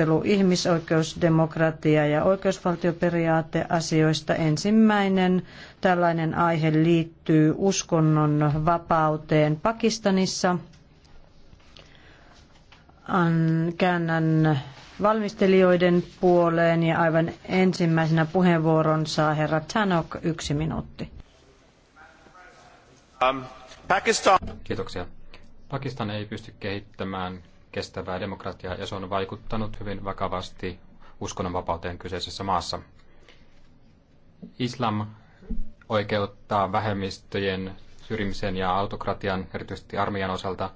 keskustelu ihmisoikeus, demokratia ja asioista. Ensimmäinen tällainen aihe liittyy uskonnon vapauteen Pakistanissa. Käännän valmistelijoiden puoleen ja aivan ensimmäisenä puheenvuoron saa herra Tanok, yksi minuutti. Um, Pakistan. Kiitoksia. Pakistan ei pysty kehittämään kestävää demokratiaa ja se on vaikuttanut hyvin vakavasti uskonnonvapauteen kyseisessä maassa. Islam oikeuttaa vähemmistöjen syrjimisen ja autokratian, erityisesti armeijan osalta,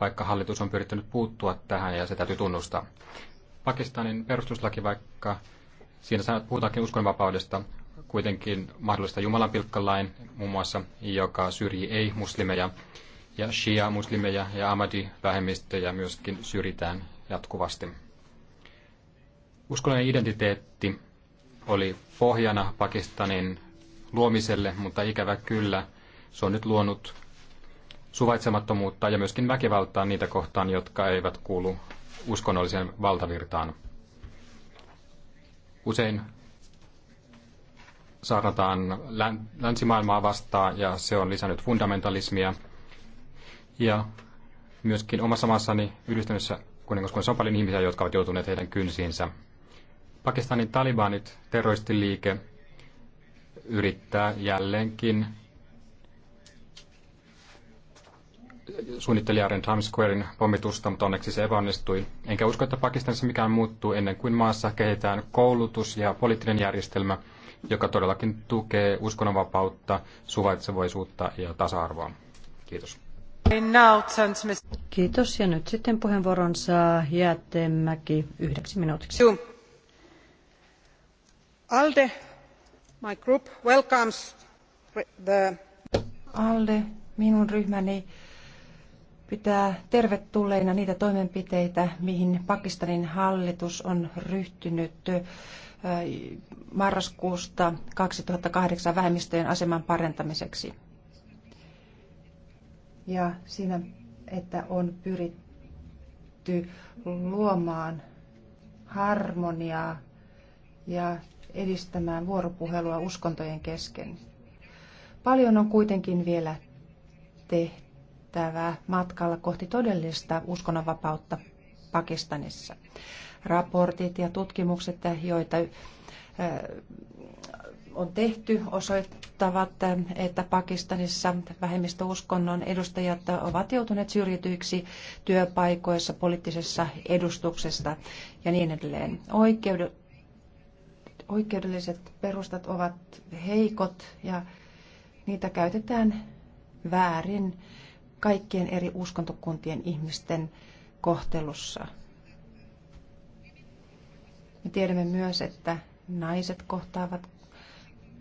vaikka hallitus on pyrittänyt puuttua tähän ja se täytyy tunnustaa. Pakistanin perustuslaki, vaikka siinä puhutaankin uskonnonvapaudesta, kuitenkin mahdollista Jumalan pilkkalain muun muassa, joka syrjii ei-muslimeja ja shia-muslimeja ja amadi-vähemmistöjä myöskin syrjitään jatkuvasti. Uskonnollinen identiteetti oli pohjana Pakistanin luomiselle, mutta ikävä kyllä se on nyt luonut suvaitsemattomuutta ja myöskin väkivaltaa niitä kohtaan, jotka eivät kuulu uskonnolliseen valtavirtaan. Usein saarnataan länsimaailmaa vastaan ja se on lisännyt fundamentalismia – ja myöskin omassa maassani yhdistämisessä kuningaskunnassa on paljon ihmisiä, jotka ovat joutuneet heidän kynsiinsä. Pakistanin talibanit, terroristiliike, yrittää jälleenkin suunnittelijaren Times Squarein pommitusta, mutta onneksi se epäonnistui. Enkä usko, että Pakistanissa mikään muuttuu ennen kuin maassa kehitetään koulutus ja poliittinen järjestelmä, joka todellakin tukee uskonnonvapautta, suvaitsevaisuutta ja tasa-arvoa. Kiitos. Kiitos. Ja nyt sitten puheenvuoron saa Jäätemäki yhdeksi minuutiksi. ALDE, my group, welcomes the... ALDE, minun ryhmäni, pitää tervetulleina niitä toimenpiteitä, mihin Pakistanin hallitus on ryhtynyt marraskuusta 2008 vähemmistöjen aseman parantamiseksi ja siinä, että on pyritty luomaan harmoniaa ja edistämään vuoropuhelua uskontojen kesken. Paljon on kuitenkin vielä tehtävää matkalla kohti todellista uskonnonvapautta Pakistanissa. Raportit ja tutkimukset, joita on tehty osoittavat, että Pakistanissa vähemmistöuskonnon edustajat ovat joutuneet syrjityiksi työpaikoissa, poliittisessa edustuksessa ja niin edelleen. oikeudelliset perustat ovat heikot ja niitä käytetään väärin kaikkien eri uskontokuntien ihmisten kohtelussa. Me tiedämme myös, että naiset kohtaavat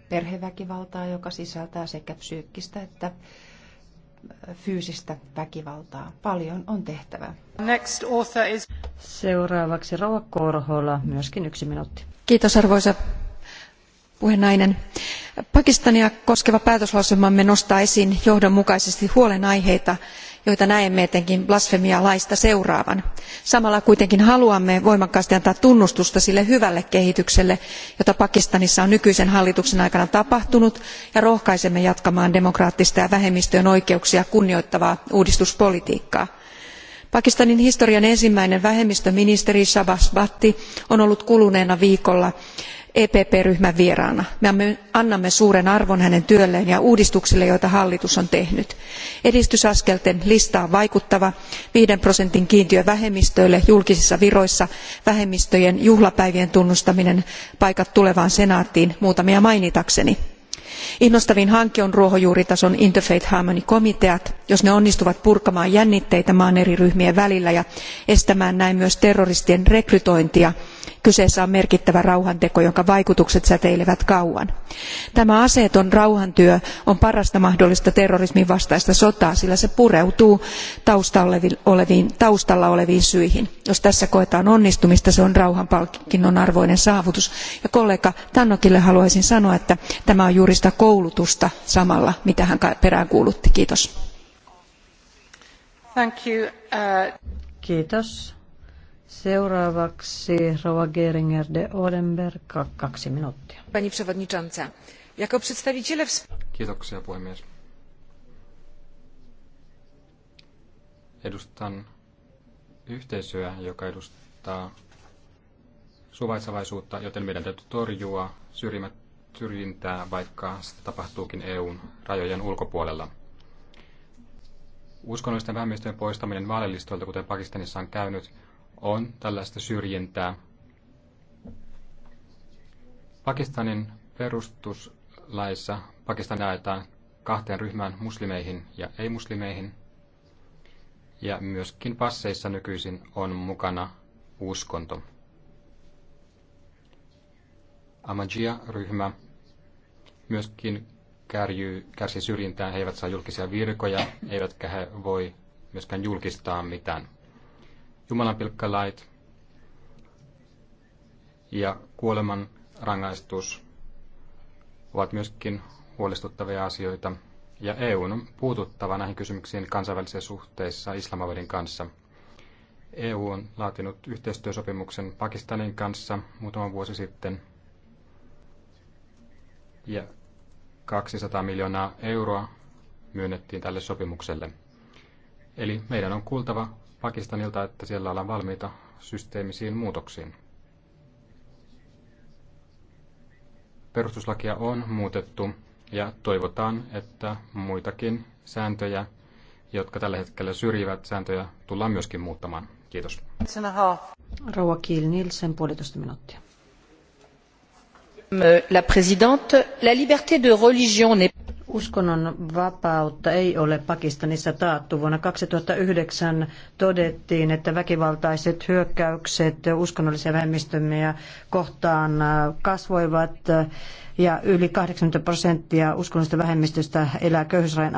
perheväkivaltaa, joka sisältää sekä psyykkistä että äh, fyysistä väkivaltaa. Paljon on tehtävä. Next author is... Seuraavaksi Rova Korhola, myöskin yksi minuutti. Kiitos arvoisa puhenainen. Pakistania koskeva päätöslauselmamme nostaa esiin johdonmukaisesti huolenaiheita, aiheita joita näemme etenkin blasfemialaista seuraavan. samalla kuitenkin haluamme voimakkaasti antaa tunnustusta sille hyvälle kehitykselle jota pakistanissa on nykyisen hallituksen aikana tapahtunut ja rohkaisemme jatkamaan demokraattista ja vähemmistöjen oikeuksia kunnioittavaa uudistuspolitiikkaa pakistanin historian ensimmäinen vähemmistöministeri shahbaz bhatti on ollut kuluneena viikolla epp ryhmän vieraana. me annamme suuren arvon hänen työlleen ja uudistuksille joita hallitus on tehnyt. edistysaskelten lista on vaikuttava viisi prosentin kiintiö vähemmistöille julkisissa viroissa vähemmistöjen juhlapäivien tunnustaminen paikat tulevaan senaattiin muutamia mainitakseni. innostavin hanke on ruohonjuuritason interfaith harmony komiteat jos ne onnistuvat purkamaan jännitteitä maan eri ryhmien välillä ja estämään näin myös terroristien rekrytointia Kyseessä on merkittävä rauhanteko, jonka vaikutukset säteilevät kauan. Tämä aseeton rauhantyö on parasta mahdollista terrorismin vastaista sotaa, sillä se pureutuu taustalla oleviin syihin. Jos tässä koetaan onnistumista, se on rauhanpalkinnon arvoinen saavutus. Ja kollega Tannokille haluaisin sanoa, että tämä on juuri sitä koulutusta samalla, mitä hän peräänkuulutti. Kiitos. Uh, Kiitos. Seuraavaksi Rova Geringer de Odenberg, kaksi minuuttia. Pani przewodnicząca, jako przedstawiciele... Kiitoksia puhemies. Edustan yhteisöä, joka edustaa suvaitsevaisuutta, joten meidän täytyy torjua syrjintää, vaikka sitä tapahtuukin EUn rajojen ulkopuolella. Uskonnollisten vähemmistöjen poistaminen vaalilistoilta, kuten Pakistanissa on käynyt, on tällaista syrjintää. Pakistanin perustuslaissa Pakistan jaetaan kahteen ryhmään muslimeihin ja ei-muslimeihin. Ja myöskin passeissa nykyisin on mukana uskonto. Amajia-ryhmä myöskin kärjyy, kärsii syrjintää, he eivät saa julkisia virkoja, eivätkä he voi myöskään julkistaa mitään pilkkalait ja kuoleman rangaistus ovat myöskin huolestuttavia asioita, ja EU on puututtava näihin kysymyksiin kansainvälisissä suhteissa Islamabadin kanssa. EU on laatinut yhteistyösopimuksen Pakistanin kanssa muutama vuosi sitten, ja 200 miljoonaa euroa myönnettiin tälle sopimukselle. Eli meidän on kuultava Pakistanilta, että siellä ollaan valmiita systeemisiin muutoksiin. Perustuslakia on muutettu ja toivotaan, että muitakin sääntöjä, jotka tällä hetkellä syrjivät sääntöjä, tullaan myöskin muuttamaan. Kiitos. Rouva Kiil Nielsen, puolitoista minuuttia. La présidente, la liberté de religion n'est Uskonnon vapautta ei ole Pakistanissa taattu. Vuonna 2009 todettiin, että väkivaltaiset hyökkäykset uskonnollisia vähemmistömiä kohtaan kasvoivat ja yli 80 prosenttia uskonnollista vähemmistöstä elää köyhyysrajan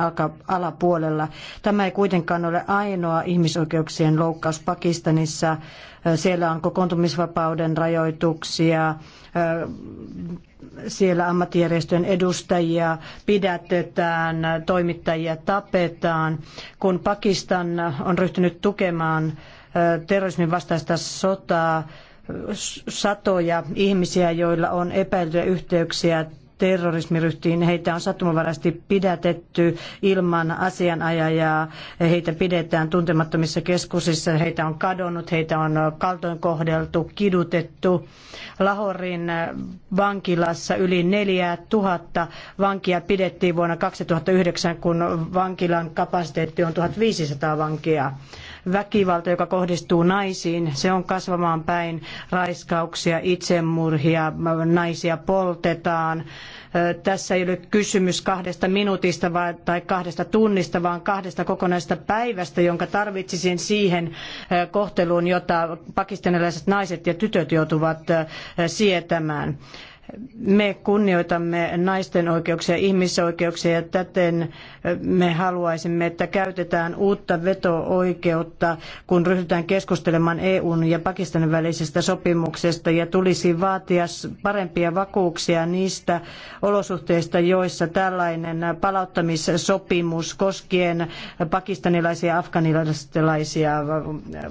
alapuolella. Tämä ei kuitenkaan ole ainoa ihmisoikeuksien loukkaus Pakistanissa. Siellä on kokoontumisvapauden rajoituksia, siellä ammattijärjestöjen edustajia pidätetään, toimittajia tapetaan. Kun Pakistan on ryhtynyt tukemaan terrorismin vastaista sotaa, satoja ihmisiä, joilla on epäiltyjä yhteyksiä terrorismiryhtiin. Heitä on sattumanvaraisesti pidätetty ilman asianajajaa. Heitä pidetään tuntemattomissa keskuksissa. Heitä on kadonnut, heitä on kaltoinkohdeltu, kidutettu. Lahorin vankilassa yli 4000 vankia pidettiin vuonna 2009, kun vankilan kapasiteetti on 1500 vankia väkivalta, joka kohdistuu naisiin, se on kasvamaan päin. Raiskauksia, itsemurhia, naisia poltetaan. Tässä ei ole kysymys kahdesta minuutista tai kahdesta tunnista, vaan kahdesta kokonaisesta päivästä, jonka tarvitsisin siihen kohteluun, jota pakistanilaiset naiset ja tytöt joutuvat sietämään me kunnioitamme naisten oikeuksia ja ihmisoikeuksia ja täten me haluaisimme, että käytetään uutta veto-oikeutta, kun ryhdytään keskustelemaan EUn ja Pakistanin välisestä sopimuksesta ja tulisi vaatia parempia vakuuksia niistä olosuhteista, joissa tällainen palauttamissopimus koskien pakistanilaisia ja afganilaisia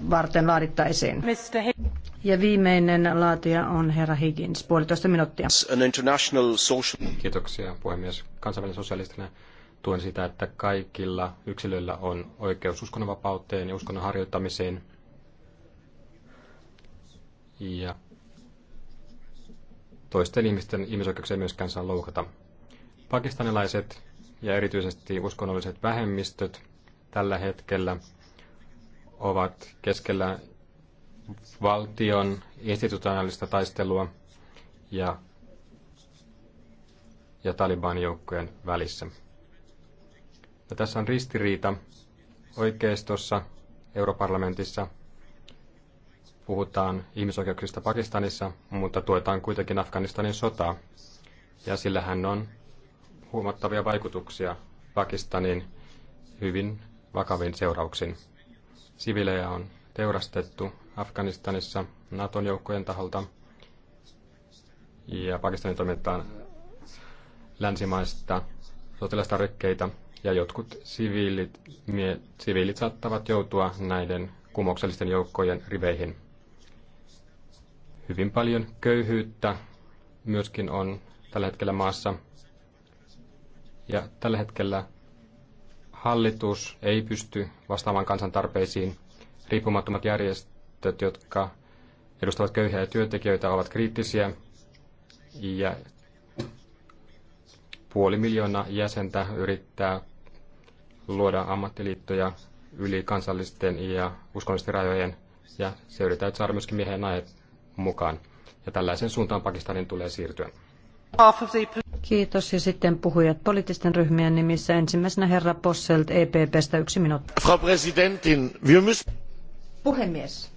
varten laadittaisiin. Ja viimeinen laatuja on herra Higgins, puolitoista minuuttia. An international social... Kiitoksia puhemies. Kansainvälinen sosialistinen tuen sitä, että kaikilla yksilöillä on oikeus uskonnonvapauteen ja uskonnon harjoittamiseen. Ja toisten ihmisten ihmisoikeuksia myöskään saa loukata. Pakistanilaiset ja erityisesti uskonnolliset vähemmistöt tällä hetkellä ovat keskellä valtion institutionaalista taistelua ja, ja Taliban joukkojen välissä. Ja tässä on ristiriita oikeistossa, europarlamentissa puhutaan ihmisoikeuksista Pakistanissa, mutta tuetaan kuitenkin Afganistanin sotaa. Ja sillähän on huomattavia vaikutuksia Pakistanin hyvin vakavin seurauksin. Sivilejä on teurastettu, Afganistanissa Naton joukkojen taholta ja Pakistanin toimintaan länsimaista sotilastarvikkeita ja jotkut siviilit, mie, siviilit saattavat joutua näiden kumouksellisten joukkojen riveihin. Hyvin paljon köyhyyttä myöskin on tällä hetkellä maassa. Ja tällä hetkellä hallitus ei pysty vastaamaan kansan tarpeisiin. Riippumattomat järjestöt järjestöt, jotka edustavat köyhiä työntekijöitä, ovat kriittisiä ja puoli miljoonaa jäsentä yrittää luoda ammattiliittoja yli kansallisten ja uskonnollisten rajojen ja se yritetään saada myöskin miehen ja naiset mukaan. Ja tällaisen suuntaan Pakistanin tulee siirtyä. Kiitos. Ja sitten puhujat poliittisten ryhmien nimissä. Ensimmäisenä herra Posselt EPPstä yksi minuutti. Frau Präsidentin, wir müssen... Puhemies,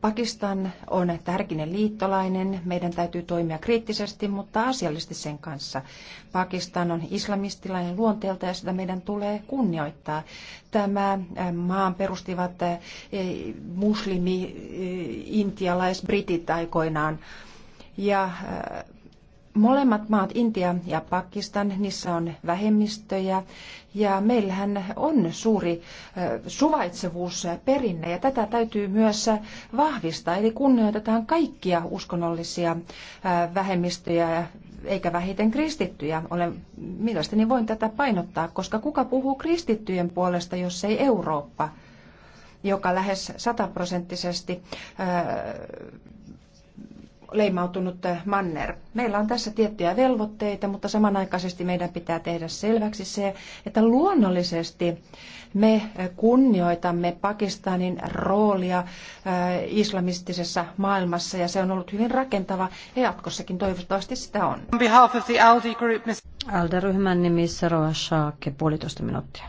Pakistan on tärkinen liittolainen. Meidän täytyy toimia kriittisesti, mutta asiallisesti sen kanssa. Pakistan on islamistilainen luonteelta ja sitä meidän tulee kunnioittaa. Tämä äh, maan perustivat äh, muslimi, äh, intialais, britit aikoinaan. Ja Molemmat maat, Intia ja Pakistan, niissä on vähemmistöjä ja meillähän on suuri suvaitsevuusperinne ja tätä täytyy myös vahvistaa. Eli kunnioitetaan kaikkia uskonnollisia vähemmistöjä eikä vähiten kristittyjä. Olen, mielestäni voin tätä painottaa, koska kuka puhuu kristittyjen puolesta, jos ei Eurooppa, joka lähes sataprosenttisesti leimautunut eh, manner. Meillä on tässä tiettyjä velvoitteita, mutta samanaikaisesti meidän pitää tehdä selväksi se, että luonnollisesti me eh, kunnioitamme Pakistanin roolia eh, islamistisessa maailmassa ja se on ollut hyvin rakentava ja jatkossakin toivottavasti sitä on. On behalf of the ALDE group, ryhmän nimissä Roa Shaakke, puolitoista minuuttia.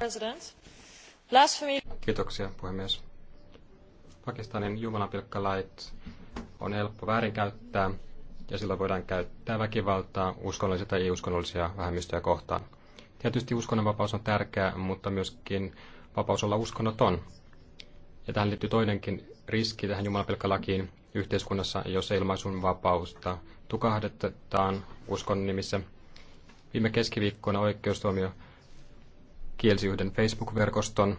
Kiitoksia puhemies. Pakistanin jumalanpilkkalait on helppo väärinkäyttää ja sillä voidaan käyttää väkivaltaa uskonnollisia tai ei-uskonnollisia vähemmistöjä kohtaan. Tietysti uskonnonvapaus on tärkeä, mutta myöskin vapaus olla uskonnoton. Ja tähän liittyy toinenkin riski tähän jumalapelkkalakiin yhteiskunnassa, jos ilmaisun vapausta tukahdetetaan uskon nimissä. Viime keskiviikkona oikeustuomio kielsi yhden Facebook-verkoston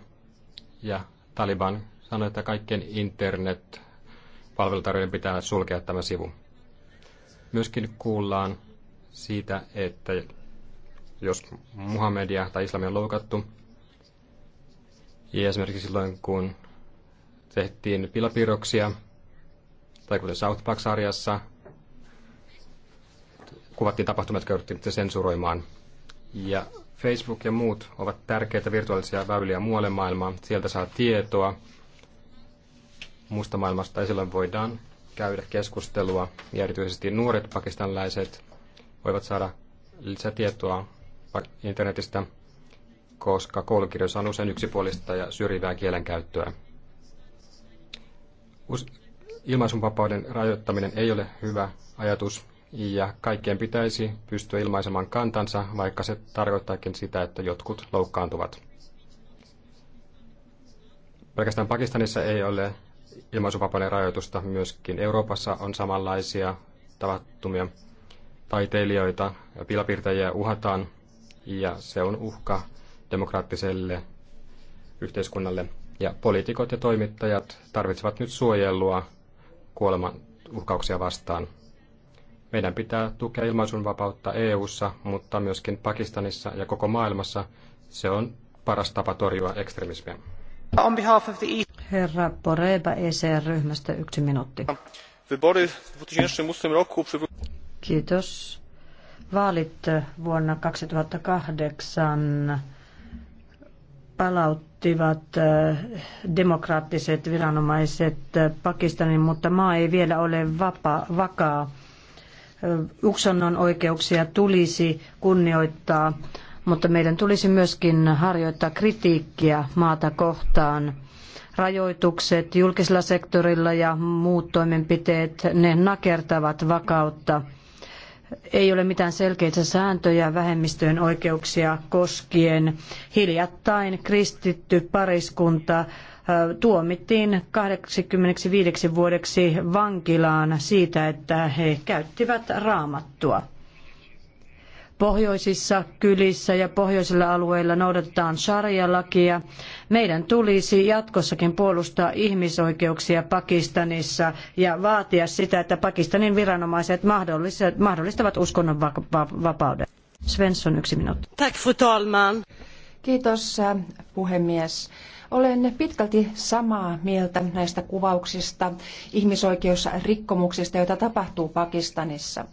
ja Taliban sanoi, että kaikkien internet palveluntarjoajien pitää sulkea tämä sivu. Myöskin kuullaan siitä, että jos Muhammedia tai islamia on loukattu, ja esimerkiksi silloin kun tehtiin pilapiirroksia, tai kuten South Park-sarjassa, kuvattiin tapahtumat, jotka jouduttiin sensuroimaan. Ja Facebook ja muut ovat tärkeitä virtuaalisia väyliä muualle maailmaan. Sieltä saa tietoa, muusta maailmasta ja silloin voidaan käydä keskustelua ja erityisesti nuoret pakistanilaiset voivat saada lisätietoa internetistä, koska koulukirjoissa on usein yksipuolista ja syrjivää kielenkäyttöä. Ilmaisunvapauden rajoittaminen ei ole hyvä ajatus ja kaikkien pitäisi pystyä ilmaisemaan kantansa, vaikka se tarkoittaakin sitä, että jotkut loukkaantuvat. Pelkästään Pakistanissa ei ole ilmaisuvapauden rajoitusta. Myöskin Euroopassa on samanlaisia tavattumia. Taiteilijoita ja pilapiirtäjiä uhataan ja se on uhka demokraattiselle yhteiskunnalle. Ja poliitikot ja toimittajat tarvitsevat nyt suojelua kuoleman uhkauksia vastaan. Meidän pitää tukea ilmaisunvapautta EU:ssa, mutta myöskin Pakistanissa ja koko maailmassa. Se on paras tapa torjua ekstremismiä. On behalf of the e Herra Poreba ECR-ryhmästä yksi minuutti. Kiitos. Vaalit vuonna 2008 palauttivat eh, demokraattiset viranomaiset eh, Pakistanin, mutta maa ei vielä ole vapa, vakaa. Eh, Uksannon oikeuksia tulisi kunnioittaa, mutta meidän tulisi myöskin harjoittaa kritiikkiä maata kohtaan – rajoitukset julkisella sektorilla ja muut toimenpiteet, ne nakertavat vakautta. Ei ole mitään selkeitä sääntöjä vähemmistöjen oikeuksia koskien. Hiljattain kristitty pariskunta tuomittiin 85 vuodeksi vankilaan siitä, että he käyttivät raamattua pohjoisissa kylissä ja pohjoisilla alueilla noudatetaan sharia-lakia. Meidän tulisi jatkossakin puolustaa ihmisoikeuksia Pakistanissa ja vaatia sitä, että Pakistanin viranomaiset mahdollistavat uskonnonvapauden. Svensson, yksi minuutti. Tack, fru talman. Kiitos äh, puhemies. Olen pitkälti samaa mieltä näistä kuvauksista ihmisoikeusrikkomuksista, joita tapahtuu Pakistanissa.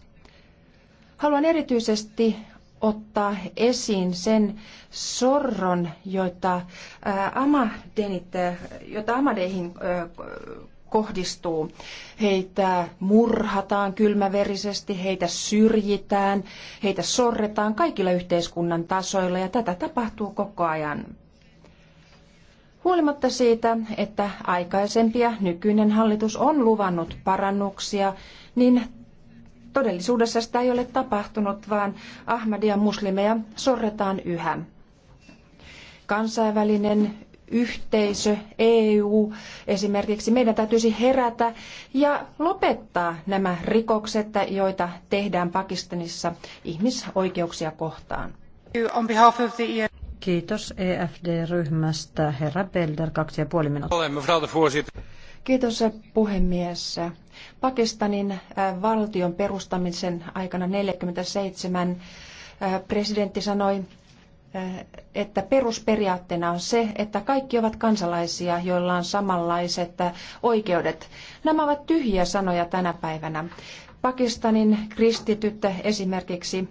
Haluan erityisesti ottaa esiin sen sorron, jota, amadenit, jota amadeihin kohdistuu. Heitä murhataan kylmäverisesti, heitä syrjitään, heitä sorretaan kaikilla yhteiskunnan tasoilla ja tätä tapahtuu koko ajan. Huolimatta siitä, että aikaisempia nykyinen hallitus on luvannut parannuksia, niin Todellisuudessa sitä ei ole tapahtunut, vaan Ahmadia muslimeja sorretaan yhä. Kansainvälinen yhteisö, EU esimerkiksi, meidän täytyisi herätä ja lopettaa nämä rikokset, joita tehdään Pakistanissa ihmisoikeuksia kohtaan. E Kiitos EFD-ryhmästä. Herra Belder, kaksi ja puoli minuuttia. Kiitos puhemies. Pakistanin äh, valtion perustamisen aikana 47 äh, presidentti sanoi, äh, että perusperiaatteena on se, että kaikki ovat kansalaisia, joilla on samanlaiset oikeudet. Nämä ovat tyhjiä sanoja tänä päivänä. Pakistanin kristityt esimerkiksi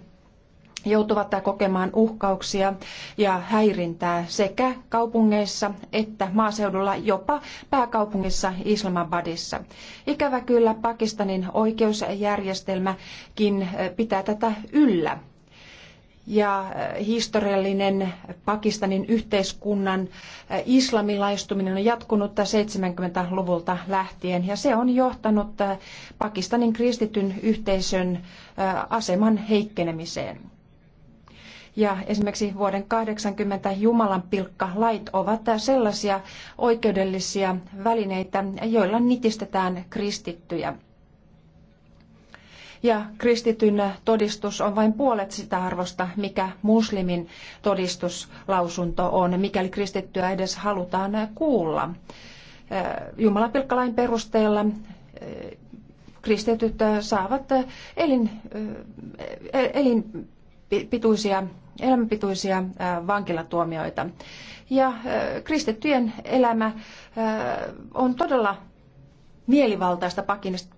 joutuvat kokemaan uhkauksia ja häirintää sekä kaupungeissa että maaseudulla, jopa pääkaupungissa Islamabadissa. Ikävä kyllä Pakistanin oikeusjärjestelmäkin pitää tätä yllä. Ja historiallinen Pakistanin yhteiskunnan islamilaistuminen on jatkunut 70-luvulta lähtien ja se on johtanut Pakistanin kristityn yhteisön aseman heikkenemiseen. Ja esimerkiksi vuoden 80 Jumalan pilkkalait ovat sellaisia oikeudellisia välineitä, joilla nitistetään kristittyjä. Ja kristityn todistus on vain puolet sitä arvosta, mikä muslimin todistuslausunto on, mikäli kristittyä edes halutaan kuulla. Jumalan pilkkalain perusteella kristityt saavat elin, e, elinpituisia elämänpituisia äh, vankilatuomioita. Ja äh, kristittyjen elämä äh, on todella mielivaltaista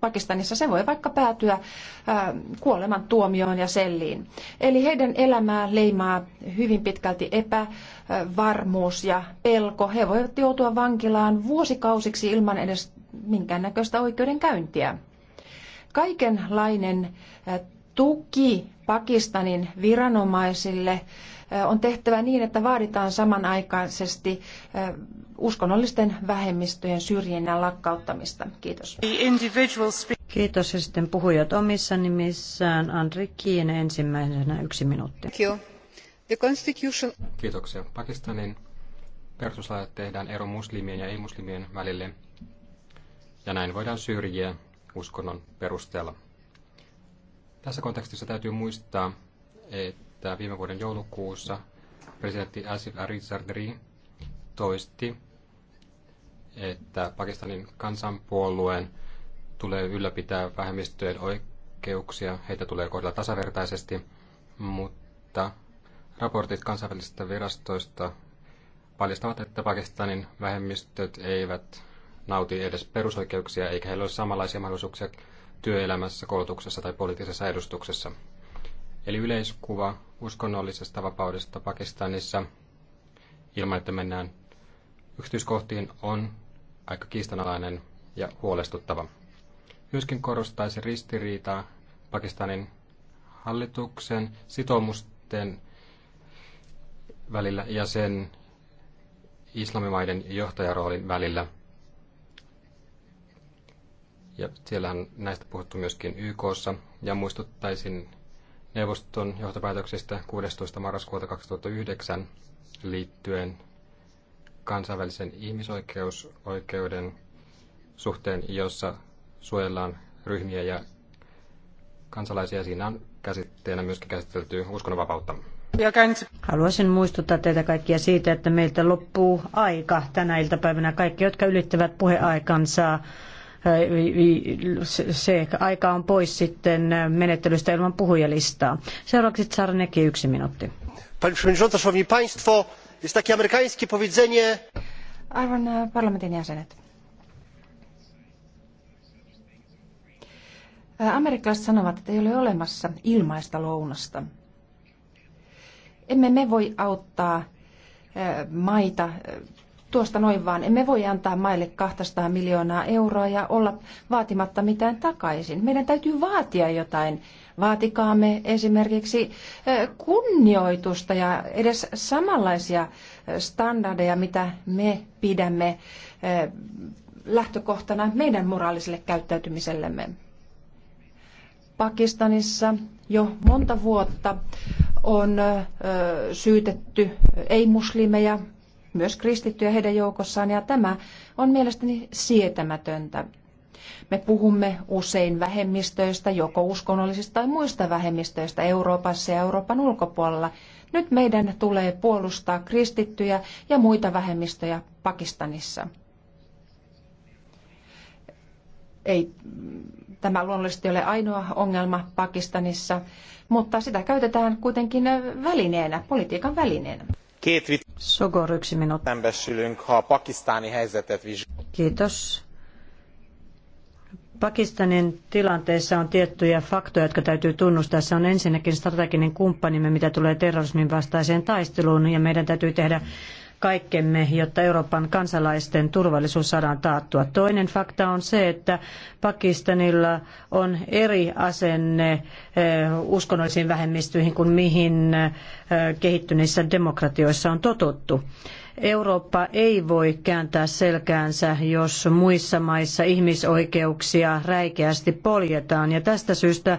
Pakistanissa, se voi vaikka päätyä kuoleman tuomioon ja selliin. Eli heidän elämää leimaa hyvin pitkälti epävarmuus ja pelko. He voivat joutua vankilaan vuosikausiksi ilman edes minkäännäköistä oikeudenkäyntiä. Kaikenlainen tuki Pakistanin viranomaisille on tehtävä niin, että vaaditaan samanaikaisesti uskonnollisten vähemmistöjen syrjinnän lakkauttamista. Kiitos. Kiitos ja sitten puhujat omissa nimissään. Andri Kiine ensimmäisenä yksi minuutti. Kiitoksia. Pakistanin perustuslaat tehdään ero muslimien ja ei-muslimien välille ja näin voidaan syrjiä uskonnon perusteella. Tässä kontekstissa täytyy muistaa, että viime vuoden joulukuussa presidentti Asif Arizardri toisti, että Pakistanin kansanpuolueen tulee ylläpitää vähemmistöjen oikeuksia, heitä tulee kohdella tasavertaisesti, mutta raportit kansainvälisistä virastoista paljastavat, että Pakistanin vähemmistöt eivät nauti edes perusoikeuksia, eikä heillä ole samanlaisia mahdollisuuksia työelämässä, koulutuksessa tai poliittisessa edustuksessa. Eli yleiskuva uskonnollisesta vapaudesta Pakistanissa, ilman että mennään yksityiskohtiin, on aika kiistanalainen ja huolestuttava. Myöskin korostaisi ristiriitaa Pakistanin hallituksen sitoumusten välillä ja sen islamimaiden johtajaroolin välillä – ja siellähän näistä puhuttu myöskin YKssa. Ja muistuttaisin neuvoston johtopäätöksistä 16. marraskuuta 2009 liittyen kansainvälisen ihmisoikeusoikeuden suhteen, jossa suojellaan ryhmiä ja kansalaisia. Siinä on käsitteenä myöskin käsitelty uskonnonvapautta. Haluaisin muistuttaa teitä kaikkia siitä, että meiltä loppuu aika tänä iltapäivänä. Kaikki, jotka ylittävät puheaikansa, se aika on pois sitten menettelystä ilman puhujalistaa. Seuraavaksi Tsarneki yksi minuutti. Pani przewodnicząca, szanowni państwo, jest takie amerykańskie powiedzenie. Arvon e, parlamentin jäsenet. E, amerikkalaiset sanovat, että ei ole olemassa ilmaista lounasta. Emme me voi auttaa e, maita tuosta noin vaan. Emme voi antaa maille 200 miljoonaa euroa ja olla vaatimatta mitään takaisin. Meidän täytyy vaatia jotain. Vaatikaamme esimerkiksi kunnioitusta ja edes samanlaisia standardeja, mitä me pidämme lähtökohtana meidän moraaliselle käyttäytymisellemme. Pakistanissa jo monta vuotta on syytetty ei-muslimeja myös kristittyjä heidän joukossaan, ja tämä on mielestäni sietämätöntä. Me puhumme usein vähemmistöistä, joko uskonnollisista tai muista vähemmistöistä Euroopassa ja Euroopan ulkopuolella. Nyt meidän tulee puolustaa kristittyjä ja muita vähemmistöjä Pakistanissa. Ei tämä luonnollisesti ole ainoa ongelma Pakistanissa, mutta sitä käytetään kuitenkin välineenä, politiikan välineenä. Két Sogor, yksi minuutti. Szembesülünk, ha a pakisztáni helyzetet vizsgáljuk. Kiitos. Pakistanin tilanteessa on tiettyjä faktoja, jotka täytyy tunnustaa. Se on ensinnäkin strateginen kumppanimme, mitä tulee terrorismin vastaiseen taisteluun, ja meidän täytyy tehdä kaikkemme, jotta Euroopan kansalaisten turvallisuus saadaan taattua. Toinen fakta on se, että Pakistanilla on eri asenne eh, uskonnollisiin vähemmistöihin kuin mihin eh, kehittyneissä demokratioissa on totuttu. Eurooppa ei voi kääntää selkäänsä, jos muissa maissa ihmisoikeuksia räikeästi poljetaan. Ja tästä syystä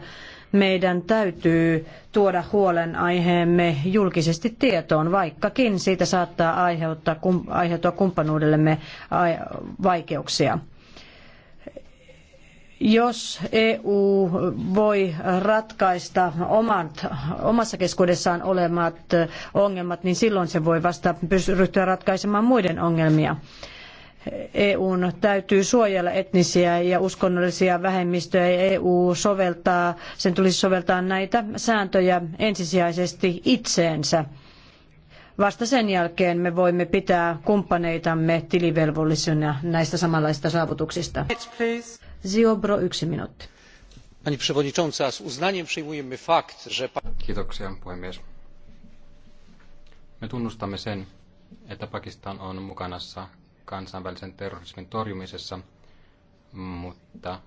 meidän täytyy tuoda huolenaiheemme julkisesti tietoon, vaikkakin siitä saattaa aiheuttaa, aiheutua kumppanuudellemme vaikeuksia. Jos EU voi ratkaista omat, omassa keskuudessaan olemat ongelmat, niin silloin se voi vasta ryhtyä ratkaisemaan muiden ongelmia. EUn täytyy suojella etnisiä ja uskonnollisia vähemmistöjä ja EU soveltaa, sen tulisi soveltaa näitä sääntöjä ensisijaisesti itseensä. Vasta sen jälkeen me voimme pitää kumppaneitamme tilivelvollisina näistä samanlaisista saavutuksista. Ziobro, yksi minuutti. Pani przewodnicząca, z uznaniem przyjmujemy fakt, że... Kiitoksia, puhemies. Me tunnustamme sen, että Pakistan on mukanassa kansainvälisen terrorismin torjumisessa, mutta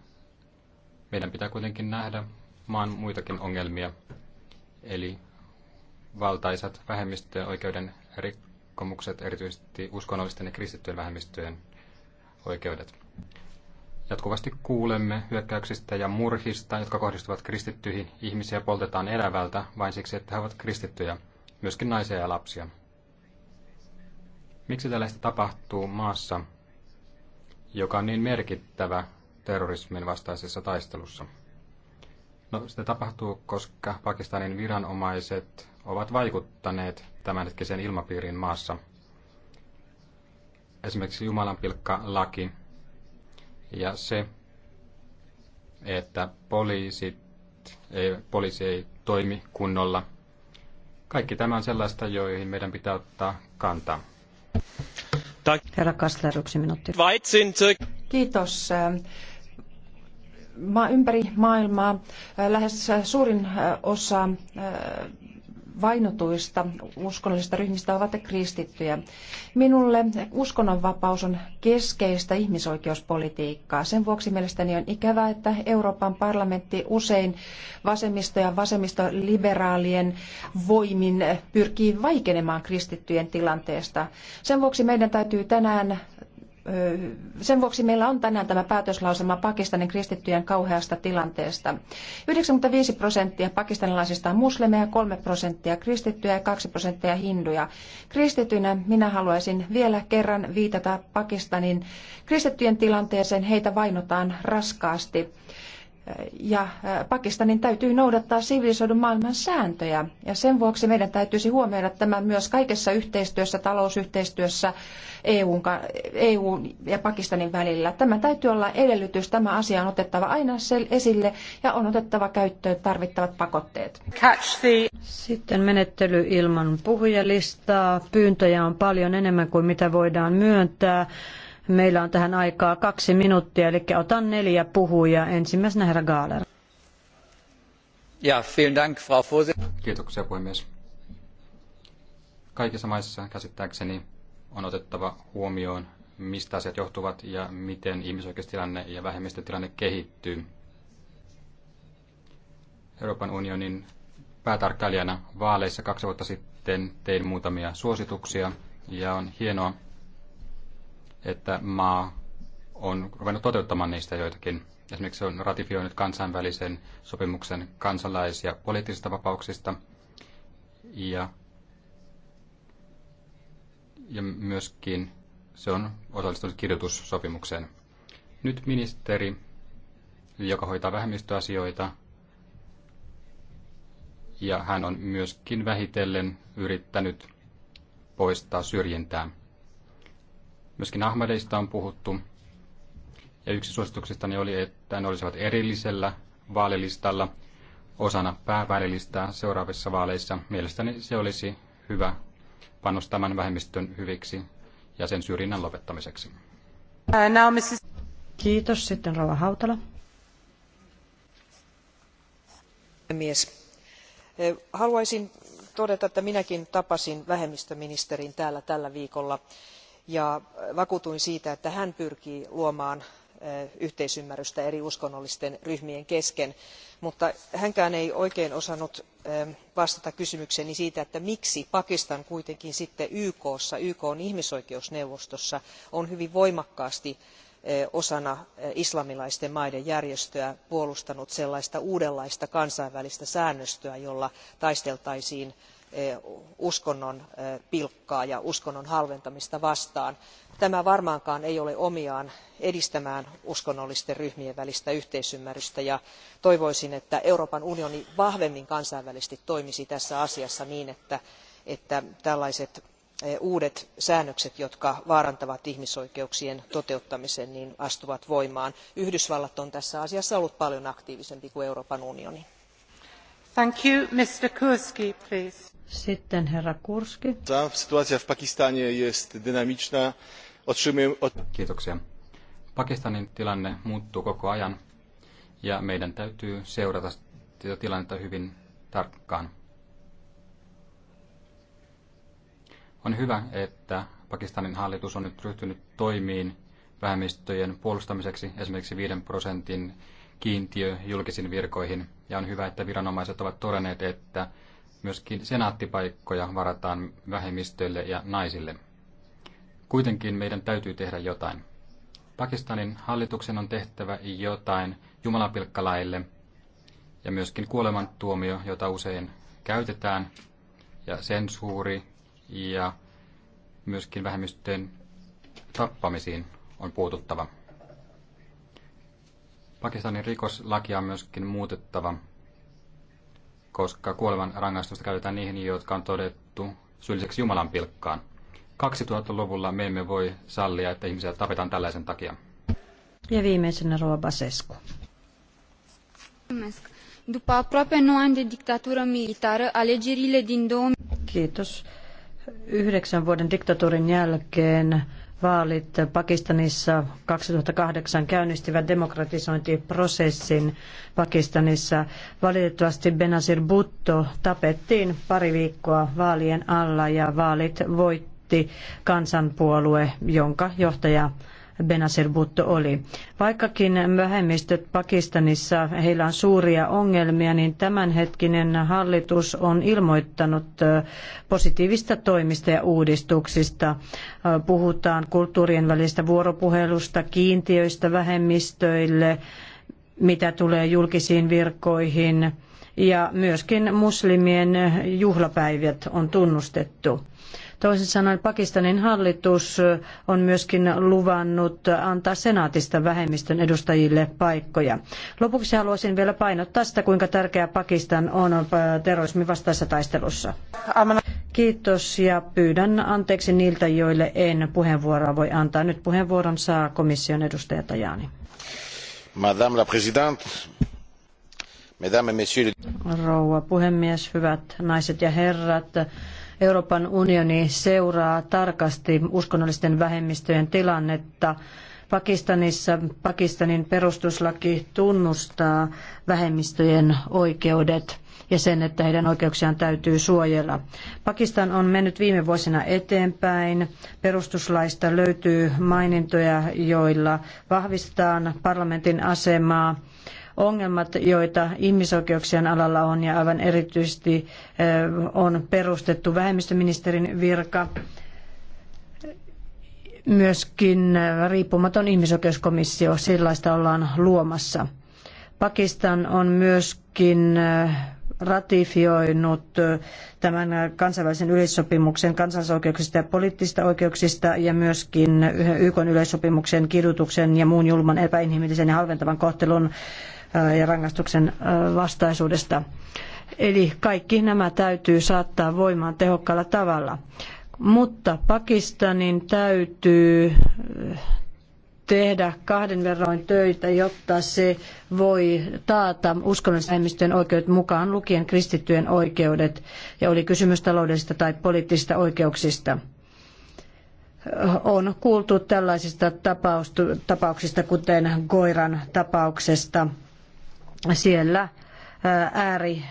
meidän pitää kuitenkin nähdä maan muitakin ongelmia, eli valtaisat vähemmistöjen oikeuden rikkomukset, erityisesti uskonnollisten ja kristittyjen vähemmistöjen oikeudet. Jatkuvasti kuulemme hyökkäyksistä ja murhista, jotka kohdistuvat kristittyihin. Ihmisiä poltetaan elävältä vain siksi, että he ovat kristittyjä, myöskin naisia ja lapsia. Miksi tällaista tapahtuu maassa, joka on niin merkittävä terrorismin vastaisessa taistelussa? No, sitä tapahtuu, koska Pakistanin viranomaiset ovat vaikuttaneet tämänhetkisen ilmapiirin maassa. Esimerkiksi Jumalanpilkka laki ja se, että poliisit, ei, poliisi ei toimi kunnolla. Kaikki tämä on sellaista, joihin meidän pitää ottaa kantaa. Herra Kastler, yksi minuutti. Kiitos ympäri maailmaa lähes suurin osa vainotuista uskonnollisista ryhmistä ovat kristittyjä. Minulle uskonnonvapaus on keskeistä ihmisoikeuspolitiikkaa. Sen vuoksi mielestäni on ikävää, että Euroopan parlamentti usein vasemmisto- ja vasemmistoliberaalien voimin pyrkii vaikenemaan kristittyjen tilanteesta. Sen vuoksi meidän täytyy tänään sen vuoksi meillä on tänään tämä päätöslauselma Pakistanin kristittyjen kauheasta tilanteesta. 95 prosenttia pakistanilaisista on muslimeja, 3 prosenttia kristittyjä ja 2 prosenttia hinduja. Kristitynä minä haluaisin vielä kerran viitata Pakistanin kristittyjen tilanteeseen. Heitä vainotaan raskaasti ja äh, Pakistanin täytyy noudattaa sivilisoidun maailman sääntöjä. Ja sen vuoksi meidän täytyisi huomioida tämä myös kaikessa yhteistyössä, talousyhteistyössä EUn, EUn ja Pakistanin välillä. Tämä täytyy olla edellytys. Tämä asia on otettava aina esille ja on otettava käyttöön tarvittavat pakotteet. Sitten menettely ilman puhujalistaa. Pyyntöjä on paljon enemmän kuin mitä voidaan myöntää. Meillä on tähän aikaa kaksi minuuttia, eli otan neljä puhujaa. Ensimmäisenä herra Gaaler. Ja, vielen Dank, Frau Kiitoksia puhemies. Kaikissa maissa käsittääkseni on otettava huomioon, mistä asiat johtuvat ja miten ihmisoikeustilanne ja vähemmistötilanne kehittyy. Euroopan unionin päätarkkailijana vaaleissa kaksi vuotta sitten tein muutamia suosituksia ja on hienoa, että maa on ruvennut toteuttamaan niistä joitakin. Esimerkiksi se on ratifioinut kansainvälisen sopimuksen kansalais- ja poliittisista vapauksista ja, ja myöskin se on osallistunut kirjoitussopimukseen. Nyt ministeri, joka hoitaa vähemmistöasioita, ja hän on myöskin vähitellen yrittänyt poistaa syrjintää. Myöskin Ahmadeista on puhuttu. Ja yksi suosituksistani oli, että ne olisivat erillisellä vaalilistalla osana päävälilistaa seuraavissa vaaleissa. Mielestäni se olisi hyvä panos tämän vähemmistön hyviksi ja sen syrjinnän lopettamiseksi. Äh, Kiitos. Sitten Rova Hautala. Mies. Äh, haluaisin todeta, että minäkin tapasin vähemmistöministerin täällä tällä viikolla ja äh, vakuutuin siitä että hän pyrkii luomaan äh, yhteisymmärrystä eri uskonnollisten ryhmien kesken mutta hänkään ei oikein osannut ähm, vastata kysymykseeni siitä että miksi pakistan kuitenkin sitten ykssa ykn ihmisoikeusneuvostossa on hyvin voimakkaasti äh, osana islamilaisten maiden järjestöä puolustanut sellaista uudenlaista kansainvälistä säännöstöä jolla taisteltaisiin uskonnon pilkkaa ja uskonnon halventamista vastaan. tämä varmaankaan ei ole omiaan edistämään uskonnollisten ryhmien välistä yhteisymmärrystä ja toivoisin että euroopan unioni vahvemmin kansainvälisesti toimisi tässä asiassa niin että tällaiset uudet säännökset jotka vaarantavat ihmisoikeuksien toteuttamisen niin astuvat voimaan. yhdysvallat on tässä asiassa ollut paljon aktiivisempi kuin euroopan unioni. Sitten herra Kurski. Sytuaatio Pakistanie jest dynamiczna. Kiitoksia. Pakistanin tilanne muuttuu koko ajan ja meidän täytyy seurata tätä tilannetta hyvin tarkkaan. On hyvä, että Pakistanin hallitus on nyt ryhtynyt toimiin vähemmistöjen puolustamiseksi, esimerkiksi 5 prosentin kiintiö julkisiin virkoihin. Ja on hyvä, että viranomaiset ovat todenneet, että Myöskin senaattipaikkoja varataan vähemmistöille ja naisille. Kuitenkin meidän täytyy tehdä jotain. Pakistanin hallituksen on tehtävä jotain jumalapilkkalaille ja myöskin kuolemantuomio, jota usein käytetään, ja sensuuri ja myöskin vähemmistöjen tappamisiin on puututtava. Pakistanin rikoslakia on myöskin muutettava koska kuoleman rangaistusta käytetään niihin, jotka on todettu syylliseksi Jumalan pilkkaan. 2000-luvulla me emme voi sallia, että ihmisiä tapetaan tällaisen takia. Ja viimeisenä Rova Basescu. După aproape 9 ani de dictatură militară, alegerile din 2000... Kiitos. Yhdeksän vuoden diktatuurin jälkeen vaalit Pakistanissa 2008 käynnistivät demokratisointiprosessin Pakistanissa. Valitettavasti Benazir Bhutto tapettiin pari viikkoa vaalien alla ja vaalit voitti kansanpuolue, jonka johtaja Benazir Bhutto oli. Vaikkakin vähemmistöt Pakistanissa, heillä on suuria ongelmia, niin tämänhetkinen hallitus on ilmoittanut positiivista toimista ja uudistuksista. Puhutaan kulttuurien välistä vuoropuhelusta, kiintiöistä vähemmistöille, mitä tulee julkisiin virkoihin ja myöskin muslimien juhlapäivät on tunnustettu. Toisin sanoen Pakistanin hallitus on myöskin luvannut antaa senaatista vähemmistön edustajille paikkoja. Lopuksi haluaisin vielä painottaa sitä, kuinka tärkeä Pakistan on terrorismin vastaisessa taistelussa. Kiitos ja pyydän anteeksi niiltä, joille en puheenvuoroa voi antaa. Nyt puheenvuoron saa komission edustaja Tajani. Madame la Présidente, Mesdames et Messieurs. Rouva puhemies, hyvät naiset ja herrat. Euroopan unioni seuraa tarkasti uskonnollisten vähemmistöjen tilannetta. Pakistanissa Pakistanin perustuslaki tunnustaa vähemmistöjen oikeudet ja sen, että heidän oikeuksiaan täytyy suojella. Pakistan on mennyt viime vuosina eteenpäin. Perustuslaista löytyy mainintoja, joilla vahvistetaan parlamentin asemaa ongelmat, joita ihmisoikeuksien alalla on ja aivan erityisesti eh, on perustettu vähemmistöministerin virka myöskin eh, riippumaton ihmisoikeuskomissio, sellaista ollaan luomassa. Pakistan on myöskin eh, ratifioinut tämän kansainvälisen yleissopimuksen kansalaisoikeuksista ja poliittisista oikeuksista ja myöskin YK yleissopimuksen kidutuksen ja muun julman epäinhimillisen ja halventavan kohtelun ja rangaistuksen vastaisuudesta. Eli kaikki nämä täytyy saattaa voimaan tehokkaalla tavalla. Mutta Pakistanin täytyy tehdä kahden verroin töitä, jotta se voi taata uskonnollisvähemmistöjen oikeudet mukaan lukien kristittyjen oikeudet, ja oli kysymys taloudellisista tai poliittisista oikeuksista. On kuultu tällaisista tapauksista, kuten Goiran tapauksesta siellä ääri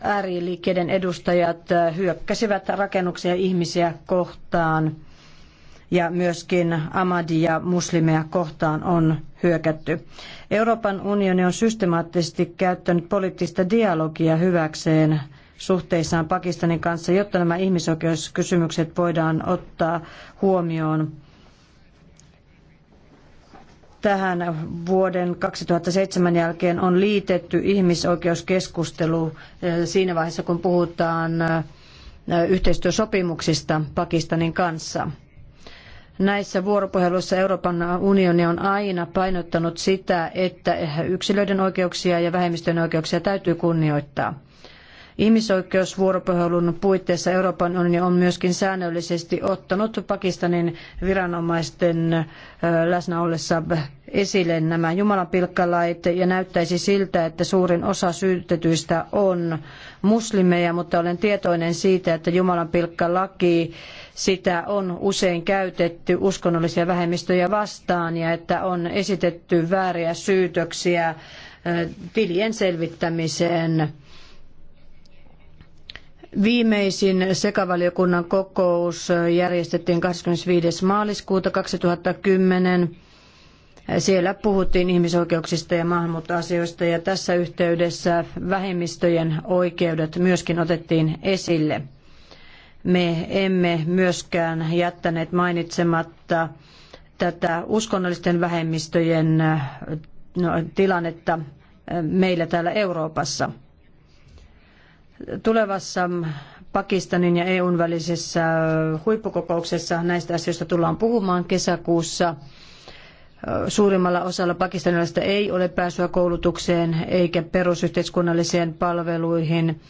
ääriliikkeiden edustajat hyökkäsivät rakennuksia ihmisiä kohtaan ja myöskin amadia muslimeja kohtaan on hyökätty. Euroopan unioni on systemaattisesti käyttänyt poliittista dialogia hyväkseen suhteissaan Pakistanin kanssa, jotta nämä ihmisoikeuskysymykset voidaan ottaa huomioon tähän vuoden 2007 jälkeen on liitetty ihmisoikeuskeskustelu eh, siinä vaiheessa, kun puhutaan eh, yhteistyösopimuksista Pakistanin kanssa. Näissä vuoropuheluissa Euroopan unioni on aina painottanut sitä, että yksilöiden oikeuksia ja vähemmistöjen oikeuksia täytyy kunnioittaa. Ihmisoikeusvuoropuhelun puitteissa Euroopan unioni on myöskin säännöllisesti ottanut Pakistanin viranomaisten läsnä ollessa esille nämä jumalanpilkkalait ja näyttäisi siltä, että suurin osa syytetyistä on muslimeja, mutta olen tietoinen siitä, että jumalanpilkkalaki sitä on usein käytetty uskonnollisia vähemmistöjä vastaan ja että on esitetty vääriä syytöksiä tilien selvittämiseen Viimeisin sekavaliokunnan kokous järjestettiin 25. maaliskuuta 2010. Siellä puhuttiin ihmisoikeuksista ja maahanmuuttoasioista ja tässä yhteydessä vähemmistöjen oikeudet myöskin otettiin esille. Me emme myöskään jättäneet mainitsematta tätä uskonnollisten vähemmistöjen no, tilannetta eh, meillä täällä Euroopassa – tulevassa Pakistanin ja EUn välisessä huippukokouksessa näistä asioista tullaan puhumaan kesäkuussa. Suurimmalla osalla pakistanilaisista ei ole pääsyä koulutukseen eikä perusyhteiskunnalliseen palveluihin.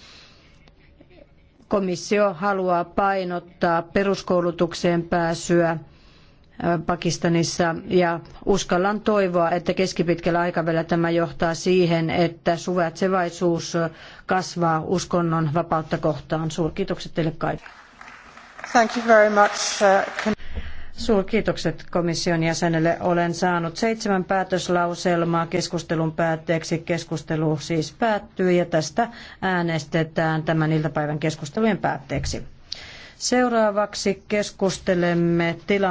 Komissio haluaa painottaa peruskoulutukseen pääsyä Pakistanissa ja uskallan toivoa, että keskipitkällä aikavälillä tämä johtaa siihen, että suvaitsevaisuus kasvaa uskonnon vapautta kohtaan. Suurkiitokset teille kaikille. Thank you very much. Uh, Suurkiitokset komission jäsenelle. Olen saanut seitsemän päätöslauselmaa keskustelun päätteeksi. Keskustelu siis päättyy ja tästä äänestetään tämän iltapäivän keskustelujen päätteeksi. Seuraavaksi keskustelemme tilanteesta.